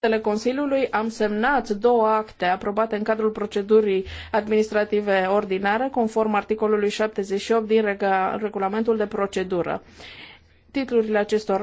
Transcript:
Președintele Consiliului am semnat două acte aprobate în cadrul procedurii administrative ordinare, conform articolului 78 din regulamentul de procedură. Titlurile acestor